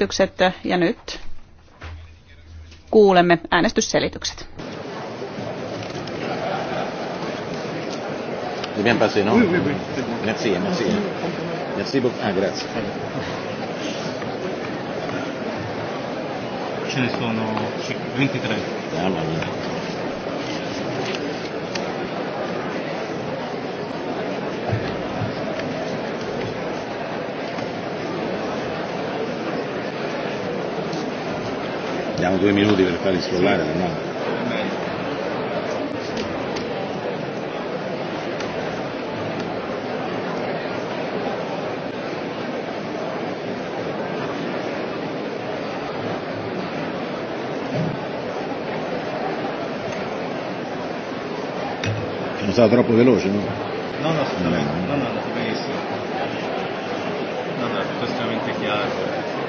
äänestykset äh, ja nyt kuulemme äänestysselitykset. No? merci. Merci beaucoup. Ah, grazie. Ce ne sono 23. Ah, Abbiamo due minuti per farli scrollare, se no. Sono stato troppo veloce, no? No, no, assolutamente. No, no, no, no, No, no, no, no, no,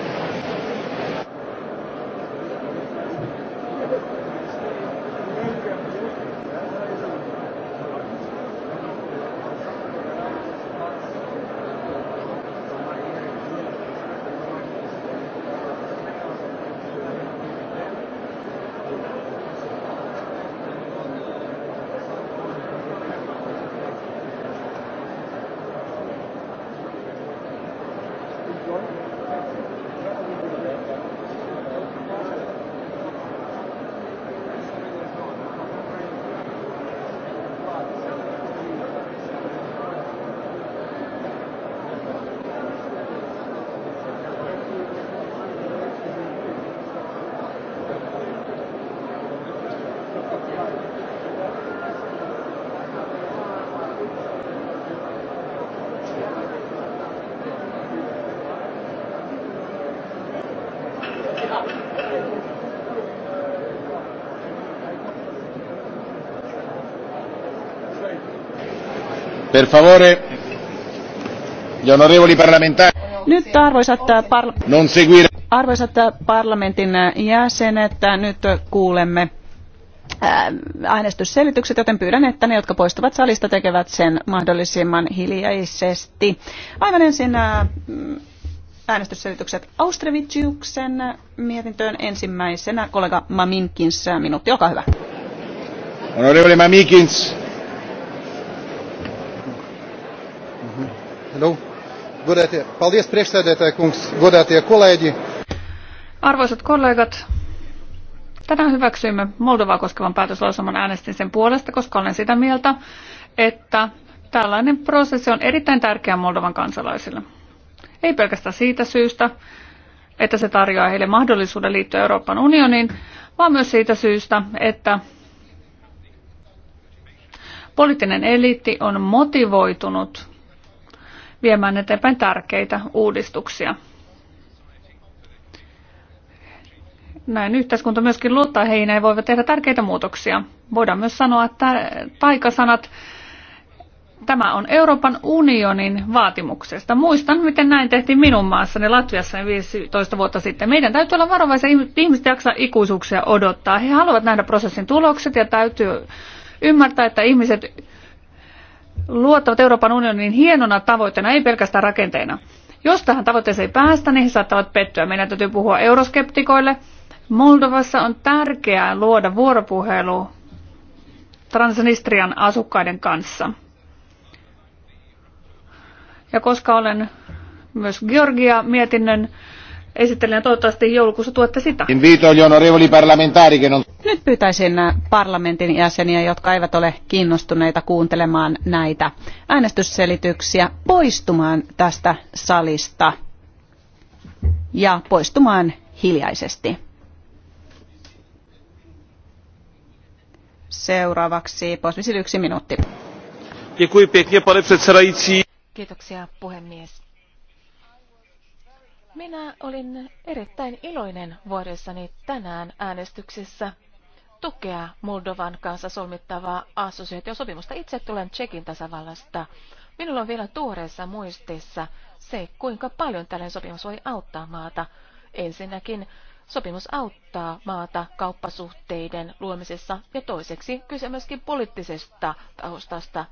Per favore, gli onorevoli parlamentari. Nyt arvoisat, äh, parla- non seguire. arvoisat äh, parlamentin äh, jäsenet, nyt kuulemme äänestysselitykset, joten pyydän, että ne, jotka poistuvat salista, tekevät sen mahdollisimman hiljaisesti. Aivan ensin mm, äänestysselitykset Austrevitsiuksen mietintöön ensimmäisenä kollega Maminkins minuutti, olkaa hyvä. Honorable Maminkins, Arvoisat kollegat, tänään hyväksyimme Moldovaa koskevan päätöslauselman äänestin sen puolesta, koska olen sitä mieltä, että tällainen prosessi on erittäin tärkeä Moldovan kansalaisille. Ei pelkästään siitä syystä, että se tarjoaa heille mahdollisuuden liittyä Euroopan unioniin, vaan myös siitä syystä, että poliittinen eliitti on motivoitunut viemään eteenpäin tärkeitä uudistuksia. Näin yhteiskunta myöskin luottaa heihin ja voivat tehdä tärkeitä muutoksia. Voidaan myös sanoa, että taikasanat Tämä on Euroopan unionin vaatimuksesta. Muistan, miten näin tehtiin minun maassani Latviassa 15 vuotta sitten. Meidän täytyy olla varovaisia. Ihmiset jaksaa ikuisuuksia odottaa. He haluavat nähdä prosessin tulokset ja täytyy ymmärtää, että ihmiset luottavat Euroopan unionin hienona tavoitteena, ei pelkästään rakenteena. Jos tähän tavoitteeseen ei päästä, niin he saattavat pettyä. Meidän täytyy puhua euroskeptikoille. Moldovassa on tärkeää luoda vuoropuhelu Transnistrian asukkaiden kanssa. Ja koska olen myös Georgia-mietinnön esittelen toivottavasti joulukuussa tuotte sitä. Nyt pyytäisin parlamentin jäseniä, jotka eivät ole kiinnostuneita kuuntelemaan näitä äänestysselityksiä, poistumaan tästä salista ja poistumaan hiljaisesti. Seuraavaksi posvisil yksi minuutti. Kiitoksia puhemies minä olin erittäin iloinen vuodessani tänään äänestyksessä tukea Moldovan kanssa solmittavaa assosiaatiosopimusta. Itse tulen Tsekin tasavallasta. Minulla on vielä tuoreessa muistissa se, kuinka paljon tällainen sopimus voi auttaa maata. Ensinnäkin sopimus auttaa maata kauppasuhteiden luomisessa ja toiseksi kyse myöskin poliittisesta taustasta.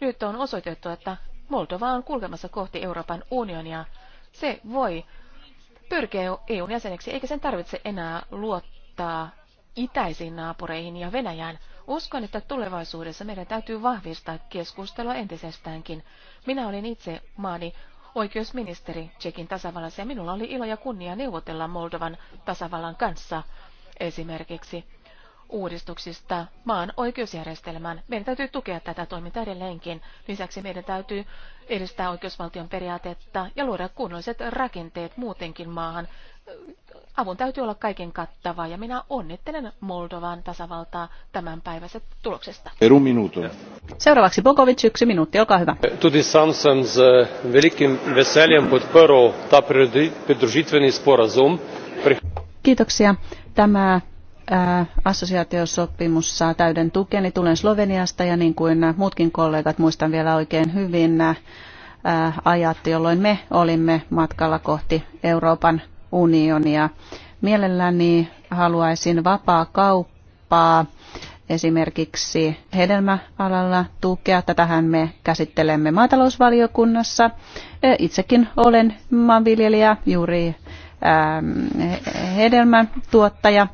Nyt on osoitettu, että Moldova on kulkemassa kohti Euroopan unionia. Se voi pyrkii EUn jäseneksi, eikä sen tarvitse enää luottaa itäisiin naapureihin ja Venäjään. Uskon, että tulevaisuudessa meidän täytyy vahvistaa keskustelua entisestäänkin. Minä olin itse maani oikeusministeri Tsekin tasavallassa ja minulla oli ilo ja kunnia neuvotella Moldovan tasavallan kanssa esimerkiksi uudistuksista maan oikeusjärjestelmään. Meidän täytyy tukea tätä toimintaa edelleenkin. Lisäksi meidän täytyy edistää oikeusvaltion periaatetta ja luoda kunnolliset rakenteet muutenkin maahan. Avun täytyy olla kaiken kattava ja minä onnittelen Moldovan tasavaltaa tämän päivässä tuloksesta. Peru minuutu. Seuraavaksi Bogovic, yksi minuutti, olkaa hyvä. Tudi Samson z velikim veseljem podporu ta pridružitveni sporazum. Kiitoksia. Tämä Äh, assosiaatiosopimus saa täyden tukeni. tulen Sloveniasta ja niin kuin muutkin kollegat muistan vielä oikein hyvin äh, ajat, jolloin me olimme matkalla kohti Euroopan unionia. Mielelläni haluaisin vapaa kauppaa esimerkiksi hedelmäalalla tukea. Tätähän me käsittelemme maatalousvaliokunnassa. Itsekin olen maanviljelijä, juuri hedelmätuottaja.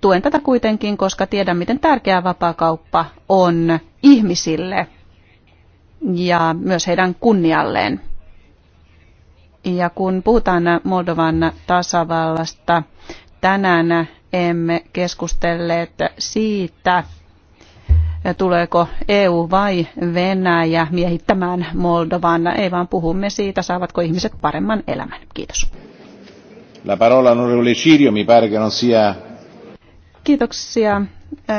Tuen tätä kuitenkin, koska tiedän, miten tärkeä vapaakauppa on ihmisille ja myös heidän kunnialleen. Ja kun puhutaan Moldovan tasavallasta, tänään emme keskustelleet siitä, tuleeko EU vai Venäjä miehittämään Moldovan. Ei vaan puhumme siitä, saavatko ihmiset paremman elämän. Kiitos. La parola onorevole Cirio, mi pare che non sia Kiitoksia.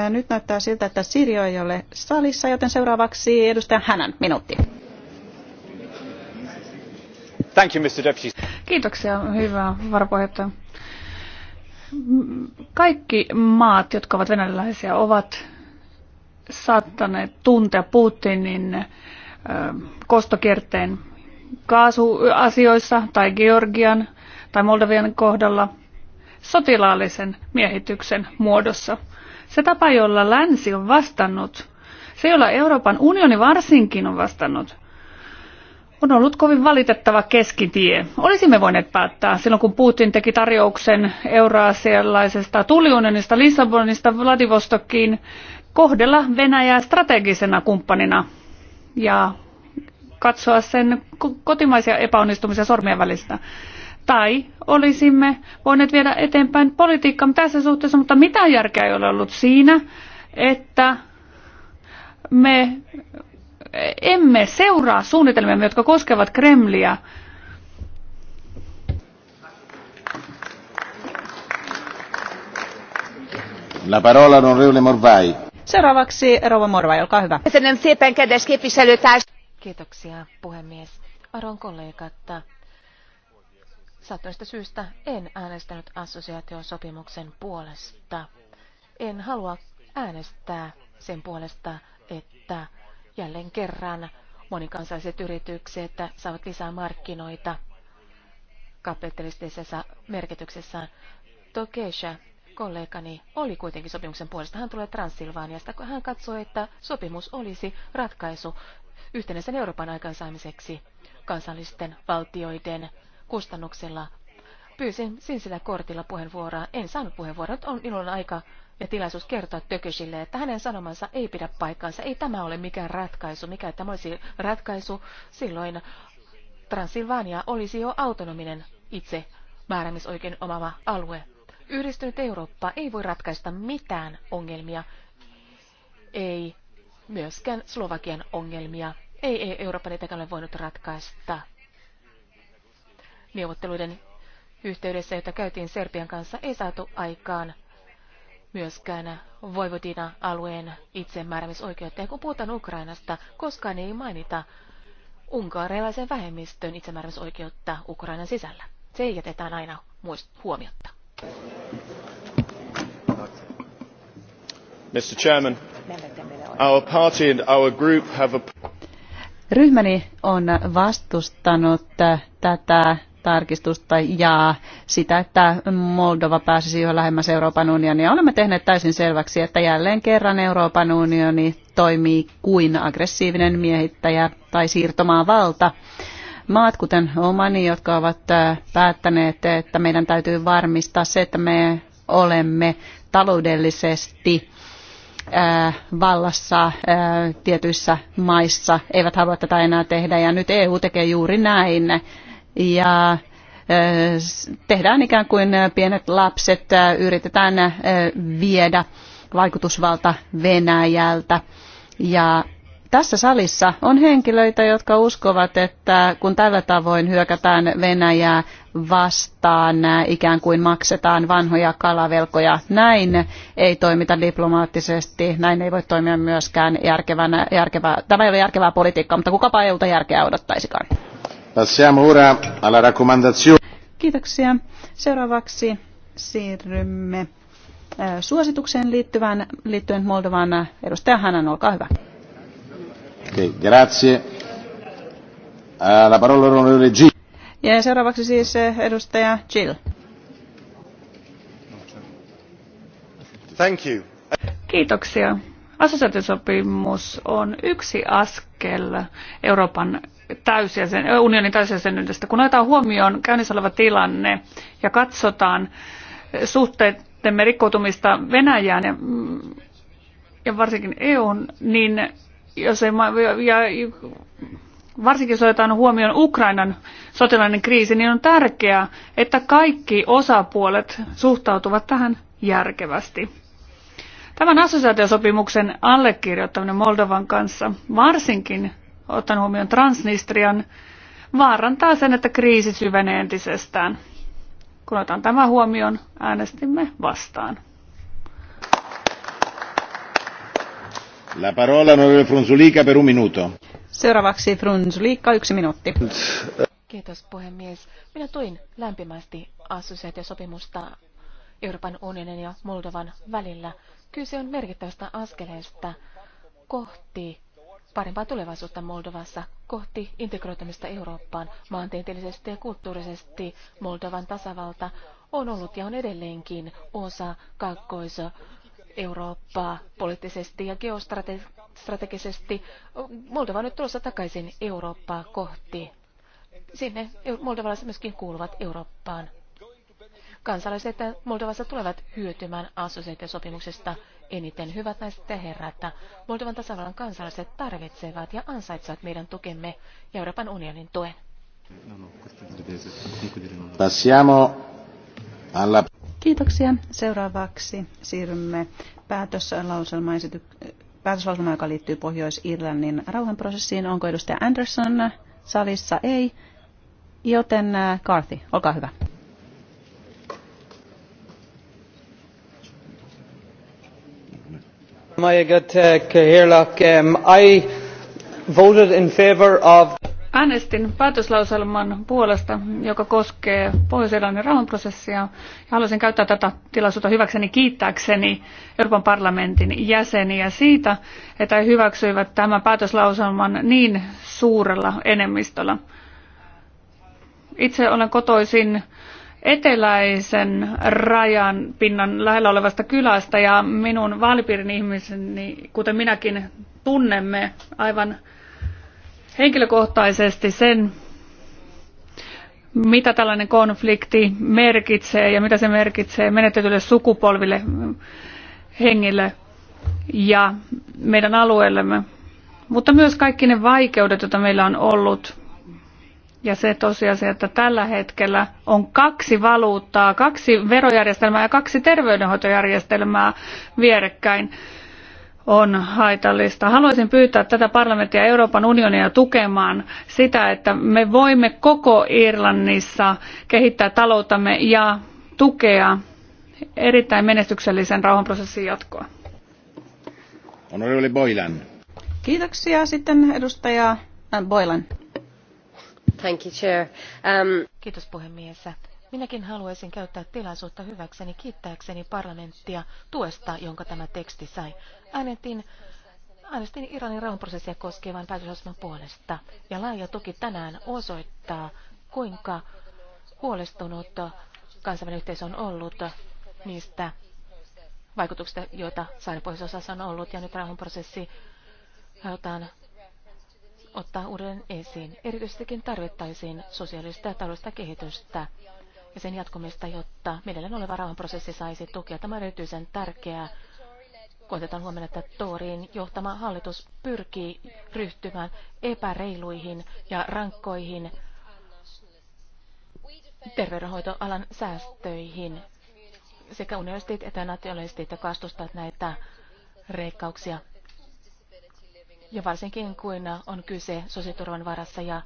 Nyt näyttää siltä, että Sirjo ei ole salissa, joten seuraavaksi edustaja Hänän minuutti. Thank you, Mr. Deputy. Kiitoksia, hyvä varapuheenjohtaja. Kaikki maat, jotka ovat venäläisiä, ovat saattaneet tuntea Putinin kostokierteen kaasuasioissa tai Georgian tai Moldavian kohdalla – sotilaallisen miehityksen muodossa. Se tapa, jolla länsi on vastannut, se jolla Euroopan unioni varsinkin on vastannut, on ollut kovin valitettava keskitie. Olisimme voineet päättää silloin, kun Putin teki tarjouksen euroasialaisesta tuliunionista Lissabonista Vladivostokiin kohdella Venäjää strategisena kumppanina ja katsoa sen kotimaisia epäonnistumisia sormien välistä. Tai olisimme voineet viedä eteenpäin politiikkaa tässä suhteessa, mutta mitä järkeä ei ole ollut siinä, että me emme seuraa suunnitelmia, jotka koskevat Kremliä. La parola onorevole Morvai. Seuraavaksi Rova Morvai, olkaa hyvä. Kiitoksia puhemies. Aron kollegat, Sattuneesta syystä en äänestänyt assosiaatiosopimuksen puolesta. En halua äänestää sen puolesta, että jälleen kerran monikansalliset yritykset saavat lisää markkinoita kapitalistisessa merkityksessään. Tokesha, kollegani, oli kuitenkin sopimuksen puolesta. Hän tulee Transilvaaniasta, kun hän katsoi, että sopimus olisi ratkaisu yhtenäisen Euroopan aikaansaamiseksi kansallisten valtioiden kustannuksella. Pyysin sinisellä kortilla puheenvuoroa. En saanut puheenvuoroa. Nyt on minulla aika ja tilaisuus kertoa Tökösille, että hänen sanomansa ei pidä paikkaansa. Ei tämä ole mikään ratkaisu. Mikä tämä olisi ratkaisu? Silloin Transilvania olisi jo autonominen itse määrämisoikein omava alue. Yhdistynyt Eurooppa ei voi ratkaista mitään ongelmia, ei myöskään Slovakian ongelmia. Ei, ei Eurooppa niitäkään ole voinut ratkaista neuvotteluiden yhteydessä, jota käytiin Serbian kanssa, ei saatu aikaan myöskään voivotina alueen itsemääräämisoikeutta. Ja kun puhutaan Ukrainasta, koskaan ei mainita unkarilaisen vähemmistön itsemääräämisoikeutta Ukrainan sisällä. Se jätetään aina muist- huomiotta. Mr. Chairman, our party and our group have a... Ryhmäni on vastustanut tätä tarkistusta ja sitä, että Moldova pääsisi jo lähemmäs Euroopan unionia. Olemme tehneet täysin selväksi, että jälleen kerran Euroopan unioni toimii kuin aggressiivinen miehittäjä tai siirtomaan valta. Maat, kuten Omani, jotka ovat äh, päättäneet, että meidän täytyy varmistaa se, että me olemme taloudellisesti äh, vallassa äh, tietyissä maissa, eivät halua tätä enää tehdä. Ja nyt EU tekee juuri näin ja tehdään ikään kuin pienet lapset, yritetään viedä vaikutusvalta Venäjältä. Ja tässä salissa on henkilöitä, jotka uskovat, että kun tällä tavoin hyökätään Venäjää vastaan, ikään kuin maksetaan vanhoja kalavelkoja. Näin ei toimita diplomaattisesti, näin ei voi toimia myöskään järkevänä, järkevää, tämä ei ole järkevää politiikkaa, mutta kukapa EUta järkeä odottaisikaan. Passiamo ora alla raccomandazione. Kiitoksia. Seuraavaksi siirrymme suositukseen liittyvän, liittyen Moldovan edustaja Hanan, olkaa hyvä. Okay, grazie. La parola on G. Ja seuraavaksi siis edustaja Jill. Thank you. Kiitoksia. Assosiaatiosopimus on yksi askel Euroopan täysjäsen, unionin täysjäsenyydestä. Kun otetaan huomioon käynnissä oleva tilanne ja katsotaan suhteidemme rikkoutumista Venäjään ja, mm, ja varsinkin EUn, niin jos ei, ja, varsinkin jos otetaan huomioon Ukrainan sotilainen kriisi, niin on tärkeää, että kaikki osapuolet suhtautuvat tähän järkevästi. Tämän assosiaatiosopimuksen allekirjoittaminen Moldovan kanssa, varsinkin otan huomioon Transnistrian, vaarantaa sen, että kriisi syvenee entisestään. Kun otan tämä huomioon, äänestimme vastaan. La parola onorevole Frunzulica per un minuto. Seuraavaksi Frunzulica, yksi minuutti. Kiitos puhemies. Minä tuin lämpimästi assosiaatiosopimusta Euroopan unionin ja Moldovan välillä. Kyse on merkittävästä askeleesta kohti parempaa tulevaisuutta Moldovassa kohti integroitumista Eurooppaan. Maantieteellisesti ja kulttuurisesti Moldovan tasavalta on ollut ja on edelleenkin osa Kaakkois-Eurooppaa poliittisesti ja geostrategisesti. Moldova on nyt tulossa takaisin Eurooppaa kohti. Sinne moldovalaiset myöskin kuuluvat Eurooppaan. Kansalaiset Moldovassa tulevat hyötymään assosiaatiosopimuksesta eniten. Hyvät naiset ja herrat, Moldovan tasavallan kansalaiset tarvitsevat ja ansaitsevat meidän tukemme ja Euroopan unionin tuen. Passiamo alla... Kiitoksia. Seuraavaksi siirrymme päätöslauselmaan, joka liittyy Pohjois-Irlannin rauhanprosessiin. Onko edustaja Anderson salissa? Ei. Joten äh, Carthy, olkaa hyvä. Äänestin päätöslauselman puolesta, joka koskee Pohjois-Irlannin rauhanprosessia. Ja haluaisin käyttää tätä tilaisuutta hyväkseni kiittääkseni Euroopan parlamentin jäseniä siitä, että he hyväksyivät tämän päätöslauselman niin suurella enemmistöllä. Itse olen kotoisin eteläisen rajan pinnan lähellä olevasta kylästä ja minun vaalipiirin ihmiseni, kuten minäkin, tunnemme aivan henkilökohtaisesti sen, mitä tällainen konflikti merkitsee ja mitä se merkitsee menetetylle sukupolville, hengille ja meidän alueellemme. Mutta myös kaikki ne vaikeudet, joita meillä on ollut ja se tosiasia, että tällä hetkellä on kaksi valuuttaa, kaksi verojärjestelmää ja kaksi terveydenhoitojärjestelmää vierekkäin, on haitallista. Haluaisin pyytää tätä parlamenttia Euroopan unionia tukemaan sitä, että me voimme koko Irlannissa kehittää talouttamme ja tukea erittäin menestyksellisen rauhanprosessin jatkoa. Honorable Boylan. Kiitoksia sitten edustaja äh, Boylan arvoisa um, Kiitos puhemies. Minäkin haluaisin käyttää tilaisuutta hyväkseni kiittääkseni parlamenttia tuesta, jonka tämä teksti sai. Äänestin äänestin Iranin rauhanprosessia koskevan päätösasman puolesta. Ja laaja tuki tänään osoittaa, kuinka huolestunut kansainvälinen yhteisö on ollut niistä vaikutuksista, joita saaripohjoisosassa on ollut. Ja nyt rauhanprosessi halutaan ottaa uuden esiin. Erityisestikin tarvittaisiin sosiaalista ja taloudellista kehitystä ja sen jatkumista, jotta mielellään oleva rauhanprosessi saisi tukea. Tämä on erityisen tärkeää, Koitetaan huomenna, että Tooriin johtama hallitus pyrkii ryhtymään epäreiluihin ja rankkoihin terveydenhoitoalan säästöihin. Sekä unionistit että nationalistit vastustavat näitä reikkauksia ja varsinkin kun on kyse sosiaaliturvan varassa ja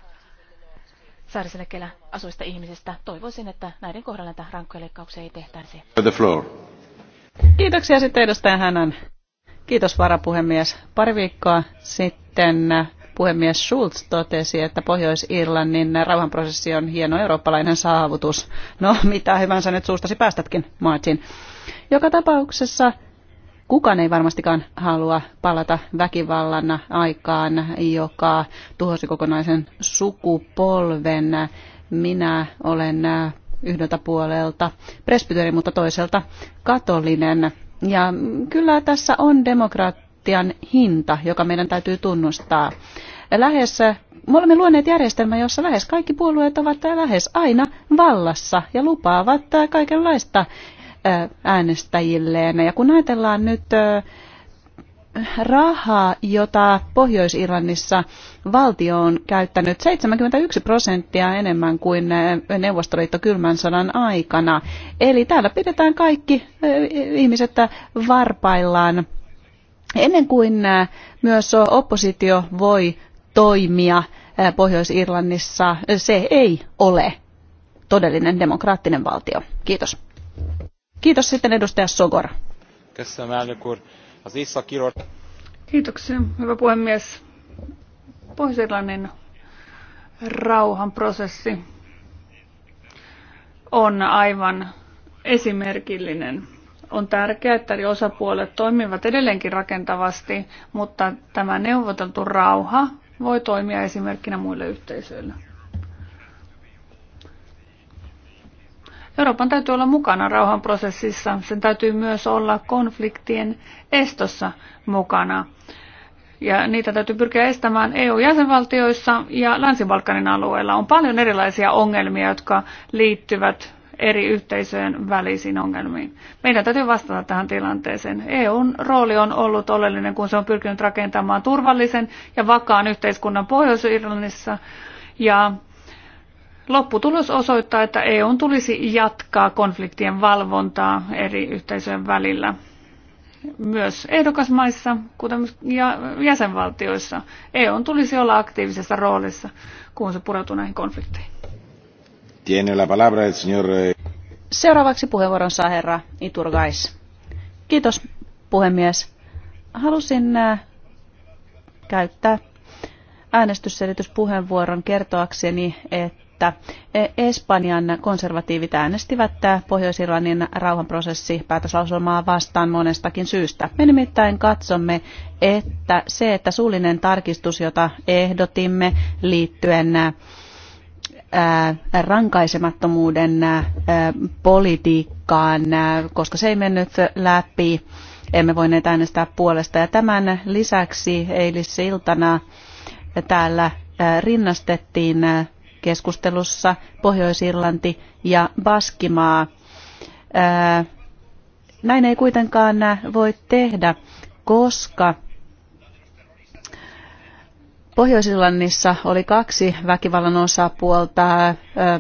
saariseläkkeellä asuista ihmisistä. Toivoisin, että näiden kohdalla näitä rankkoja leikkauksia ei tehtäisi. The floor. Kiitoksia sitten edustaja Hänän. Kiitos varapuhemies. Pari viikkoa sitten puhemies Schulz totesi, että Pohjois-Irlannin rauhanprosessi on hieno eurooppalainen saavutus. No, mitä hyvänsä nyt suustasi päästätkin, Martin. Joka tapauksessa Kukaan ei varmastikaan halua palata väkivallan aikaan, joka tuhosi kokonaisen sukupolven. Minä olen yhdeltä puolelta presbyteri, mutta toiselta katolinen. Ja kyllä tässä on demokratian hinta, joka meidän täytyy tunnustaa. Lähes me olemme luoneet järjestelmän, jossa lähes kaikki puolueet ovat lähes aina vallassa ja lupaavat kaikenlaista äänestäjilleen. Ja kun ajatellaan nyt rahaa, jota Pohjois-Irlannissa valtio on käyttänyt 71 prosenttia enemmän kuin Neuvostoliitto kylmän sodan aikana. Eli täällä pidetään kaikki ihmiset varpaillaan. Ennen kuin myös oppositio voi toimia Pohjois-Irlannissa, se ei ole todellinen demokraattinen valtio. Kiitos. Kiitos sitten edustaja Sogor. Kiitoksia, hyvä puhemies. Pohjois-Irlannin rauhanprosessi on aivan esimerkillinen. On tärkeää, että eri osapuolet toimivat edelleenkin rakentavasti, mutta tämä neuvoteltu rauha voi toimia esimerkkinä muille yhteisöille. Euroopan täytyy olla mukana rauhanprosessissa, sen täytyy myös olla konfliktien estossa mukana. Ja niitä täytyy pyrkiä estämään EU-jäsenvaltioissa ja Länsi-Balkanin alueella. On paljon erilaisia ongelmia, jotka liittyvät eri yhteisöjen välisiin ongelmiin. Meidän täytyy vastata tähän tilanteeseen. EUn rooli on ollut oleellinen, kun se on pyrkinyt rakentamaan turvallisen ja vakaan yhteiskunnan Pohjois-Irlannissa ja Lopputulos osoittaa, että EU tulisi jatkaa konfliktien valvontaa eri yhteisöjen välillä myös ehdokasmaissa kuten myös jäsenvaltioissa. EU tulisi olla aktiivisessa roolissa, kun se pureutuu näihin konflikteihin. Tiene la palabra el señor... Eh, Seuraavaksi puheenvuoron saa herra Iturgais. Kiitos puhemies. Halusin äh, käyttää äänestysselityspuheenvuoron kertoakseni, että että Espanjan konservatiivit äänestivät Pohjois-Irlannin rauhanprosessi päätöslauselmaa vastaan monestakin syystä. Me nimittäin katsomme, että se, että suullinen tarkistus, jota ehdotimme liittyen rankaisemattomuuden politiikkaan, koska se ei mennyt läpi, emme voineet äänestää puolesta. Ja tämän lisäksi eilisiltana täällä rinnastettiin keskustelussa Pohjois-Irlanti ja Baskimaa. Näin ei kuitenkaan voi tehdä, koska Pohjois-Irlannissa oli kaksi väkivallan osapuolta,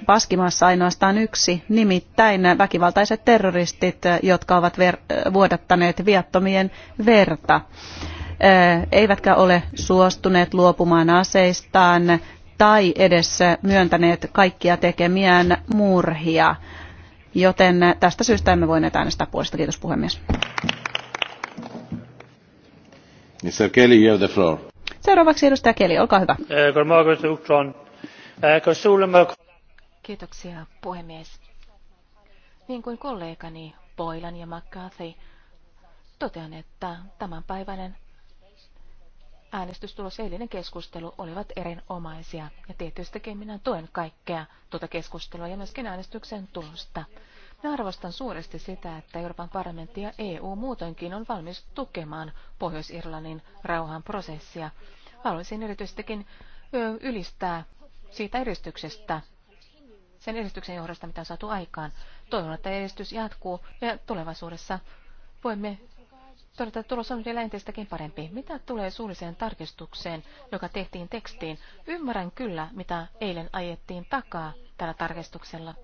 Baskimaassa ainoastaan yksi, nimittäin väkivaltaiset terroristit, jotka ovat ver- vuodattaneet viattomien verta. Eivätkä ole suostuneet luopumaan aseistaan tai edes myöntäneet kaikkia tekemiään murhia. Joten tästä syystä emme voineet äänestää puolesta. Kiitos puhemies. Mr. Kelly, you have the floor. Seuraavaksi edustaja Kelly, olkaa hyvä. Kiitoksia puhemies. Niin kuin kollegani Poilan ja McCarthy, totean, että tämänpäiväinen äänestystulos ja eilinen keskustelu olivat erinomaisia. Ja tietystikin minä tuen kaikkea tuota keskustelua ja myöskin äänestyksen tulosta. Minä arvostan suuresti sitä, että Euroopan parlamentti ja EU muutoinkin on valmis tukemaan Pohjois-Irlannin rauhanprosessia. Haluaisin erityisestikin ylistää siitä edistyksestä, sen edistyksen johdosta, mitä on saatu aikaan. Toivon, että edistys jatkuu ja tulevaisuudessa voimme todeta, että tulos on vielä entistäkin parempi. Mitä tulee suulliseen tarkistukseen, joka tehtiin tekstiin, ymmärrän kyllä, mitä eilen ajettiin takaa tällä tarkistuksella.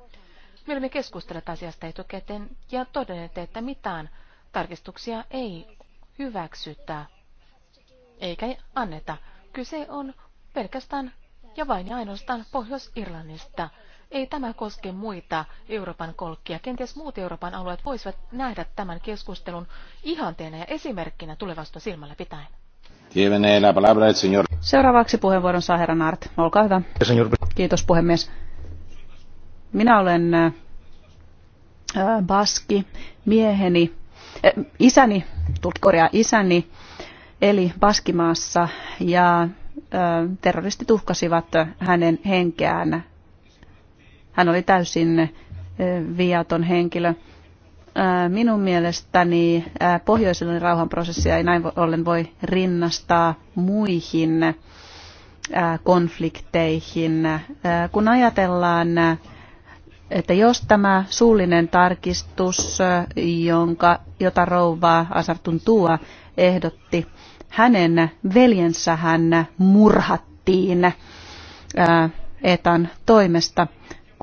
Me keskustelet asiasta etukäteen ja todenneet, että mitään tarkistuksia ei hyväksytä eikä anneta. Kyse on pelkästään ja vain ja ainoastaan Pohjois-Irlannista. Ei tämä koske muita Euroopan kolkkia. Kenties muut Euroopan alueet voisivat nähdä tämän keskustelun ihanteena ja esimerkkinä tulevasta silmällä pitäen. Seuraavaksi puheenvuoron saa herra Naart. Olkaa hyvä. Kiitos puhemies. Minä olen äh, Baski, mieheni, äh, isäni, tutkoria isäni, eli Baskimaassa ja äh, terroristit uhkasivat hänen henkeään hän oli täysin viaton henkilö. Minun mielestäni pohjoisellinen rauhanprosessia ei näin ollen voi rinnastaa muihin konflikteihin. Kun ajatellaan, että jos tämä suullinen tarkistus, jonka, jota rouvaa Asartun Tuua ehdotti, hänen veljensä hän murhattiin Etan toimesta,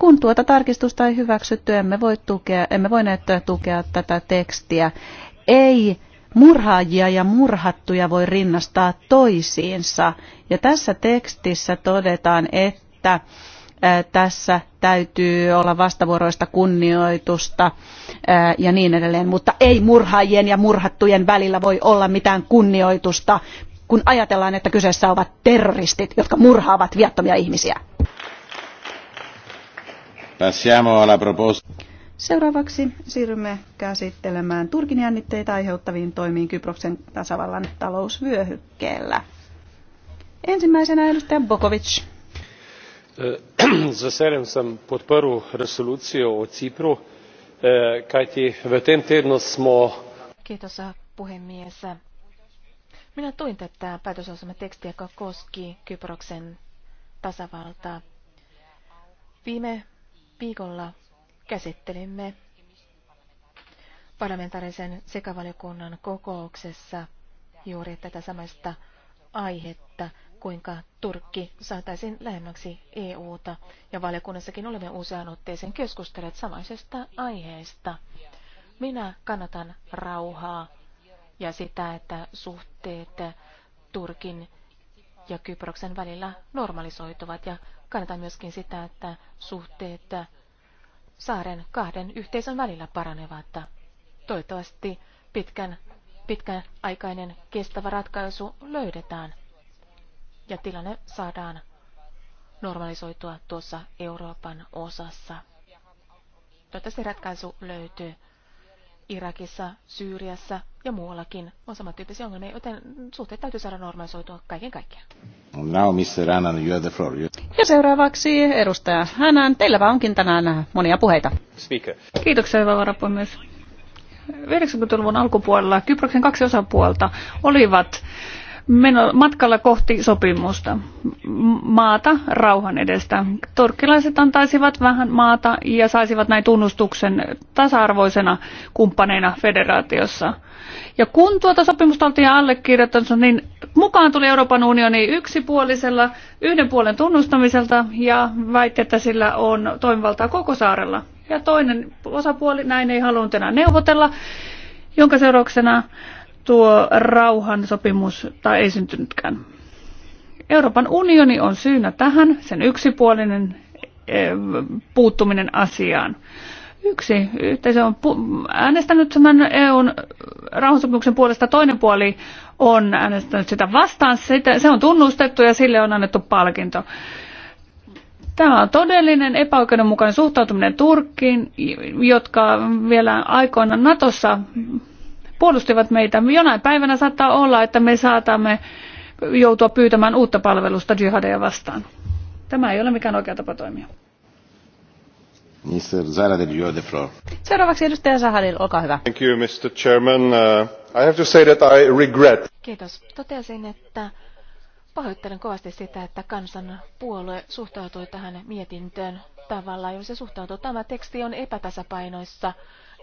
kun tuota tarkistusta ei hyväksytty, emme, voi tukea, emme voineet tukea tätä tekstiä. Ei murhaajia ja murhattuja voi rinnastaa toisiinsa. Ja tässä tekstissä todetaan, että tässä täytyy olla vastavuoroista kunnioitusta ja niin edelleen, mutta ei murhaajien ja murhattujen välillä voi olla mitään kunnioitusta, kun ajatellaan, että kyseessä ovat terroristit, jotka murhaavat viattomia ihmisiä. Passiamo alla proposta. Seuraavaksi siirrymme käsittelemään Turkin jännitteitä aiheuttaviin toimiin Kyproksen tasavallan talousvyöhykkeellä. Ensimmäisenä edustaja Bokovic. Z veseljem sem podprl resolucijo o Cipru, äh, kajti v tem tednu smo... Kiitos puhemies. Minä tuin tätä tekstiä, joka koski Kyproksen tasavaltaa. Viime viikolla käsittelimme parlamentaarisen sekavaliokunnan kokouksessa juuri tätä samaista aihetta, kuinka Turkki saataisiin lähemmäksi EUta. Ja valiokunnassakin olemme useaan otteeseen keskustelleet samaisesta aiheesta. Minä kannatan rauhaa ja sitä, että suhteet Turkin ja Kyproksen välillä normalisoituvat ja kannatan myöskin sitä, että suhteet saaren kahden yhteisön välillä paranevat. Toivottavasti pitkän, pitkän aikainen kestävä ratkaisu löydetään ja tilanne saadaan normalisoitua tuossa Euroopan osassa. Toivottavasti ratkaisu löytyy. Irakissa, Syyriassa ja muuallakin on samantyyppisiä ongelmia, joten suhteet täytyy saada normalisoitua kaiken kaikkiaan. Now, Mr. Annan, you have the floor. You... Ja seuraavaksi edustaja Teillä vaan onkin tänään monia puheita. Speaker. Kiitoksia, hyvä varapuhemies. 90-luvun alkupuolella Kyproksen kaksi osapuolta olivat matkalla kohti sopimusta. Maata rauhan edestä. Turkkilaiset antaisivat vähän maata ja saisivat näin tunnustuksen tasa-arvoisena kumppaneina federaatiossa. Ja kun tuota sopimusta oltiin allekirjoittanut, niin mukaan tuli Euroopan unioni yksipuolisella yhden puolen tunnustamiselta ja väitti, että sillä on toimivaltaa koko saarella. Ja toinen osapuoli näin ei halunnut enää neuvotella, jonka seurauksena tuo rauhan sopimus tai ei syntynytkään. Euroopan unioni on syynä tähän, sen yksipuolinen eh, puuttuminen asiaan. Yksi yhteisö on äänestänyt tämän EUn rauhansopimuksen puolesta, toinen puoli on äänestänyt sitä vastaan, sitä, se on tunnustettu ja sille on annettu palkinto. Tämä on todellinen epäoikeudenmukainen suhtautuminen Turkkiin, jotka vielä aikoina Natossa puolustivat meitä. Jonain päivänä saattaa olla, että me saatamme joutua pyytämään uutta palvelusta jihadeja vastaan. Tämä ei ole mikään oikea tapa toimia. Mr. Seuraavaksi edustaja Zahradil, olkaa hyvä. Thank you, Mr. Chairman. Uh, I have to say that I regret. Kiitos. Totesin, että pahoittelen kovasti sitä, että kansanpuolue suhtautui tähän mietintöön tavalla, jolla se suhtautuu. Tämä teksti on epätasapainoissa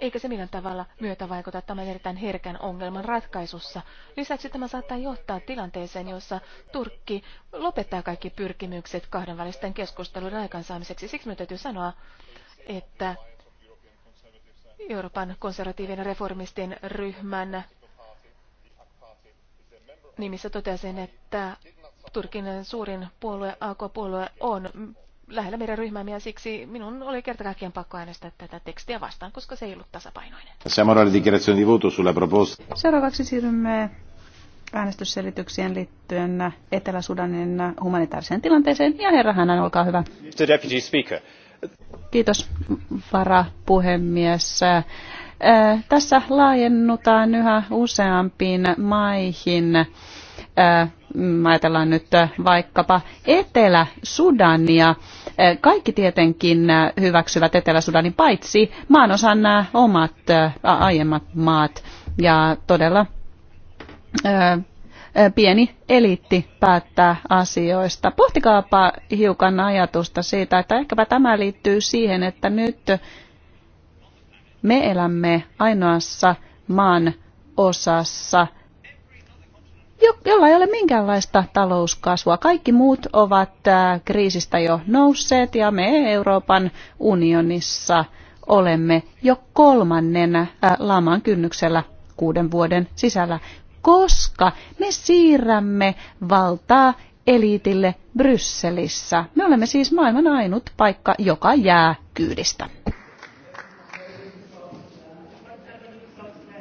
eikä se millään tavalla myötä vaikuta tämän erittäin herkän ongelman ratkaisussa. Lisäksi tämä saattaa johtaa tilanteeseen, jossa Turkki lopettaa kaikki pyrkimykset kahdenvälisten keskustelujen aikaansaamiseksi. Siksi minun täytyy sanoa, että Euroopan konservatiivien reformistien ryhmän nimissä totesin, että Turkin suurin puolue, AK-puolue, on lähellä meidän ryhmäämme, ja siksi minun oli kerta kaikkiaan pakko äänestää tätä tekstiä vastaan, koska se ei ollut tasapainoinen. Seuraavaksi siirrymme äänestysselityksien liittyen Etelä-Sudanin humanitaariseen tilanteeseen. Ja herra Hänen, olkaa hyvä. Mr. Deputy Speaker. Kiitos, varapuhemies. Tässä laajennutaan yhä useampiin maihin Mm, ajatellaan nyt vaikkapa Etelä-Sudania. Kaikki tietenkin hyväksyvät Etelä-Sudanin paitsi maanosan nämä omat aiemmat maat. Ja todella pieni eliitti päättää asioista. Pohtikaapa hiukan ajatusta siitä, että ehkäpä tämä liittyy siihen, että nyt me elämme ainoassa maan osassa – jolla ei ole minkäänlaista talouskasvua. Kaikki muut ovat äh, kriisistä jo nousseet ja me Euroopan unionissa olemme jo kolmannen äh, laman kynnyksellä kuuden vuoden sisällä, koska me siirrämme valtaa eliitille Brysselissä. Me olemme siis maailman ainut paikka, joka jää kyydistä.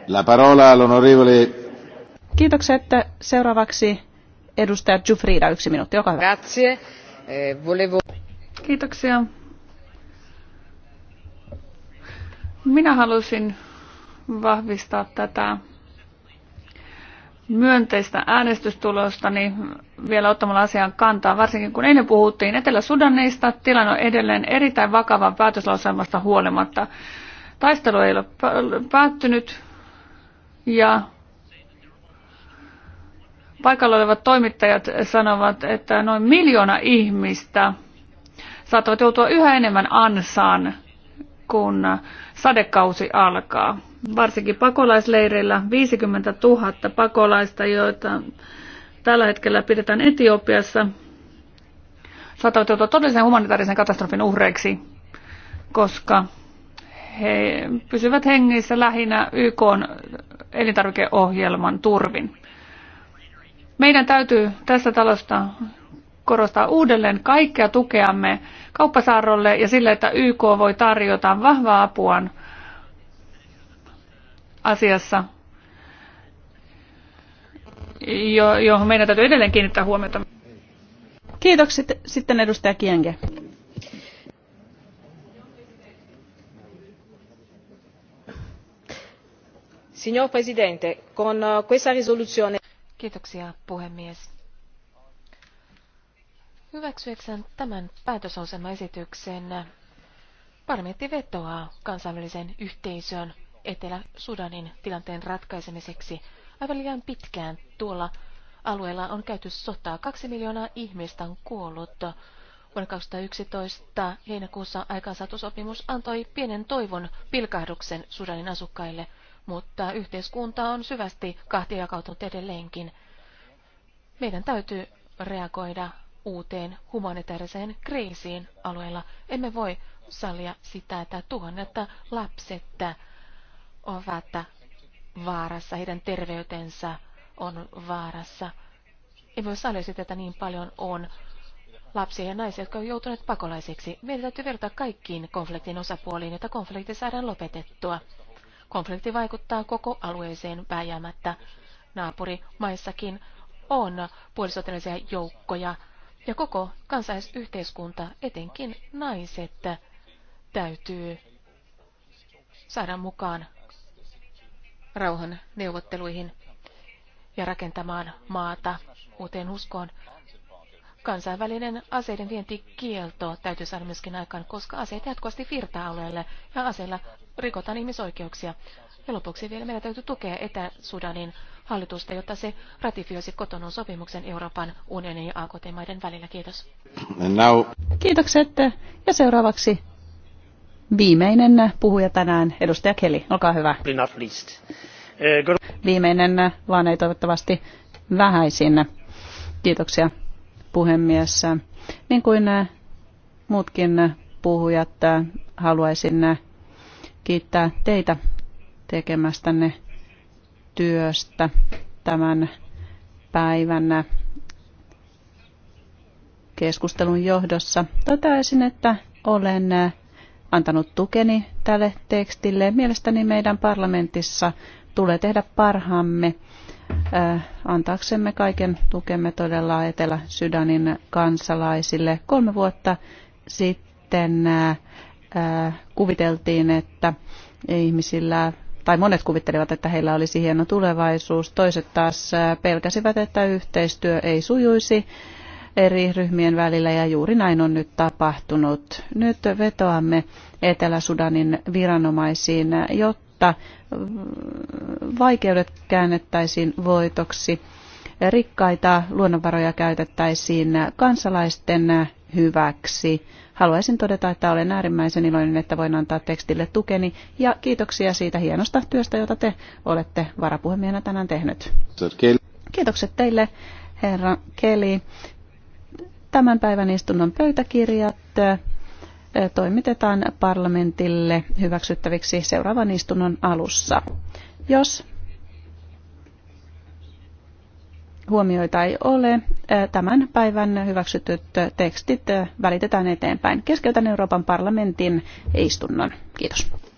La parola all'onorevole Kiitokset. Seuraavaksi edustaja Jufrida, yksi minuutti, olkaa hyvä. Grazie. Eh, volevo... Kiitoksia. Minä halusin vahvistaa tätä myönteistä äänestystulosta niin vielä ottamalla asiaan kantaa, varsinkin kun eilen puhuttiin Etelä-Sudanista. Tilanne on edelleen erittäin vakavan päätöslauselmasta huolimatta. Taistelu ei ole päättynyt ja paikalla olevat toimittajat sanovat, että noin miljoona ihmistä saattavat joutua yhä enemmän ansaan, kun sadekausi alkaa. Varsinkin pakolaisleireillä 50 000 pakolaista, joita tällä hetkellä pidetään Etiopiassa, saattavat joutua todellisen humanitaarisen katastrofin uhreiksi, koska he pysyvät hengissä lähinnä YK elintarvikeohjelman turvin. Meidän täytyy tässä talosta korostaa uudelleen kaikkea tukeamme kauppasaarrolle ja sille, että YK voi tarjota vahvaa apua asiassa, johon meidän täytyy edelleen kiinnittää huomiota. Kiitokset. Sitten edustaja Kienge. Signor Presidente, con uh, questa risoluzione... Kiitoksia, puhemies. Hyväksyessään tämän päätösasemaesityksen parlamentti vetoaa kansainvälisen yhteisön Etelä-Sudanin tilanteen ratkaisemiseksi. Aivan liian pitkään tuolla alueella on käyty sotaa. Kaksi miljoonaa ihmistä on kuollut. Vuonna 2011 heinäkuussa aikaansaatu sopimus antoi pienen toivon pilkahduksen Sudanin asukkaille – mutta yhteiskunta on syvästi kahtia jakautunut edelleenkin. Meidän täytyy reagoida uuteen humanitaariseen kriisiin alueella. Emme voi sallia sitä, että tuhannetta lapset ovat vaarassa, heidän terveytensä on vaarassa. Emme voi sallia sitä, että niin paljon on lapsia ja naisia, jotka ovat joutuneet pakolaisiksi. Meidän täytyy vertaa kaikkiin konfliktin osapuoliin, jotta konflikti saadaan lopetettua. Konflikti vaikuttaa koko alueeseen vääjäämättä. Naapurimaissakin on puolisotilaisia joukkoja ja koko kansalaisyhteiskunta, etenkin naiset, täytyy saada mukaan rauhan neuvotteluihin ja rakentamaan maata uuteen uskoon. Kansainvälinen aseiden vientikielto täytyy saada myöskin aikaan, koska aseet jatkuvasti virtaa alueelle ja aseilla rikotaan ihmisoikeuksia. Ja lopuksi vielä meidän täytyy tukea Etä-Sudanin hallitusta, jotta se ratifioisi kotonun sopimuksen Euroopan unionin ja AKT-maiden välillä. Kiitos. Now. Kiitokset. Ja seuraavaksi viimeinen puhuja tänään, edustaja Keli. Olkaa hyvä. Eh, viimeinen, vaan ei toivottavasti vähäisin. Kiitoksia puhemies. Niin kuin äh, muutkin puhujat, äh, haluaisin äh, kiittää teitä tekemästänne työstä tämän päivän keskustelun johdossa. Toteaisin, että olen antanut tukeni tälle tekstille. Mielestäni meidän parlamentissa tulee tehdä parhaamme, antaaksemme kaiken tukemme todella etelä sudanin kansalaisille. Kolme vuotta sitten kuviteltiin, että ihmisillä tai monet kuvittelivat, että heillä olisi hieno tulevaisuus, toiset taas pelkäsivät, että yhteistyö ei sujuisi eri ryhmien välillä ja juuri näin on nyt tapahtunut. Nyt vetoamme Etelä-Sudanin viranomaisiin, jotta jotta vaikeudet käännettäisiin voitoksi. Rikkaita luonnonvaroja käytettäisiin kansalaisten hyväksi. Haluaisin todeta, että olen äärimmäisen iloinen, että voin antaa tekstille tukeni ja kiitoksia siitä hienosta työstä, jota te olette varapuhemiehenä tänään tehnyt. Kiitokset teille, herra Keli. Tämän päivän istunnon pöytäkirjat toimitetaan parlamentille hyväksyttäviksi seuraavan istunnon alussa. Jos huomioita ei ole, tämän päivän hyväksytyt tekstit välitetään eteenpäin. Keskeytän Euroopan parlamentin istunnon. Kiitos.